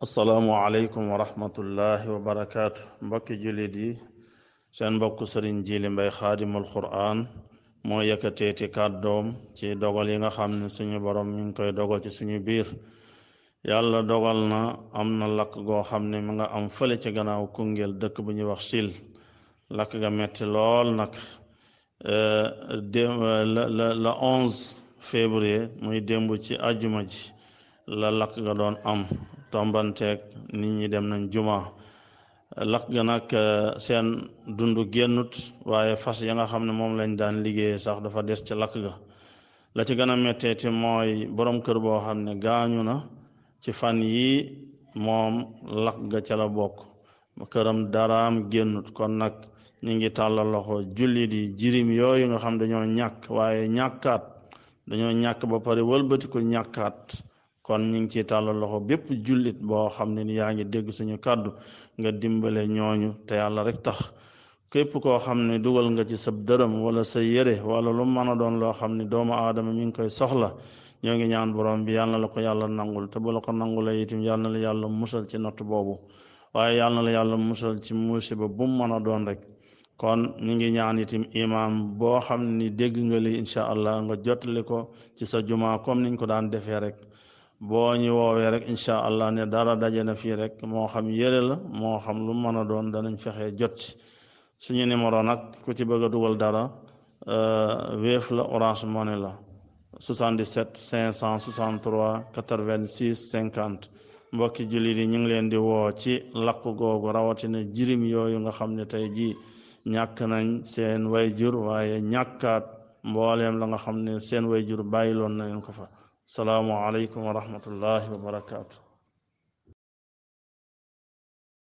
asalaamualeykum wa rahmatullahi wa barakaatu mbokki jullit di seen mbokk sëriñ Jili Mbay xaadimul Qur'an moo yëkkateeti doom ci dogal yi nga xam ne suñu borom ñu ngi koy dogal ci suñu biir yàlla dogal na am na lakk goo xam ne mu nga am fële ci gannaaw Koungheul dëkk bu ñuy wax Sil lakk ga metti lool nag la eh, la muy démb ci àjjuma ji la lakk ga doon am tombanteeg nit ñi dem nañ juma lakk ga nag eh, seen dund génnut waaye fas ya nga xam ne moom lañ daan liggéey sax dafa des ci lakk ga la ci gën a metteeti mooy boroom kër boo xam ne gaañu na ci fan yi moom lakk ga ca la bokk këram daram génnut kon nag ñu ngi tàllal loxo jullit yi jirim yooyu nga xam dañoo ñàkk waaye ñàkkaat dañoo ñàkk ba pare wëlbatiku ñàkkaat kon ñu ngi ci tàllal loxo bépp jullit boo xam ne ni yaa ngi dégg suñu kàddu nga dimbale ñooñu te yàlla rek tax képp koo xam ne dugal nga ci sab dërëm wala sa yére wala lu mën a doon loo xam ne doomu aadama mi ngi koy soxla ñoo ngi ñaan borom bi yàlla la ko yàlla nangul te bu ko nangulee itam yàlla na la yàlla musal ci natt boobu waaye yàlla yàlla musal ci musiba bu mu mën a doon rek kon ñu ngi ñaan itam imaam boo xam ni dégg nga li incha allah nga jotali ko ci sa jumaa comme niñ ko daan defee rek boo ñu woowee rek incha allah ne dara daje na fii rek moo xam yëre la moo xam lu mën a doon danañ fexee jot ci suñu numéro nag ku ci bëgg a dugal dara euh, Wave la Orange Money la 77 563 86 50 mbokki jullit yi ñu ngi leen di woo ci lakk googu rawatina jirim yooyu nga xam ne tey jii ñàkk nañ seen way jur waaye ñàkkaat mbooleem la nga xam ne seen way jur bàyyiloon na leen ko fa salaamu aleykum wa rahmatullahi wa barakaatu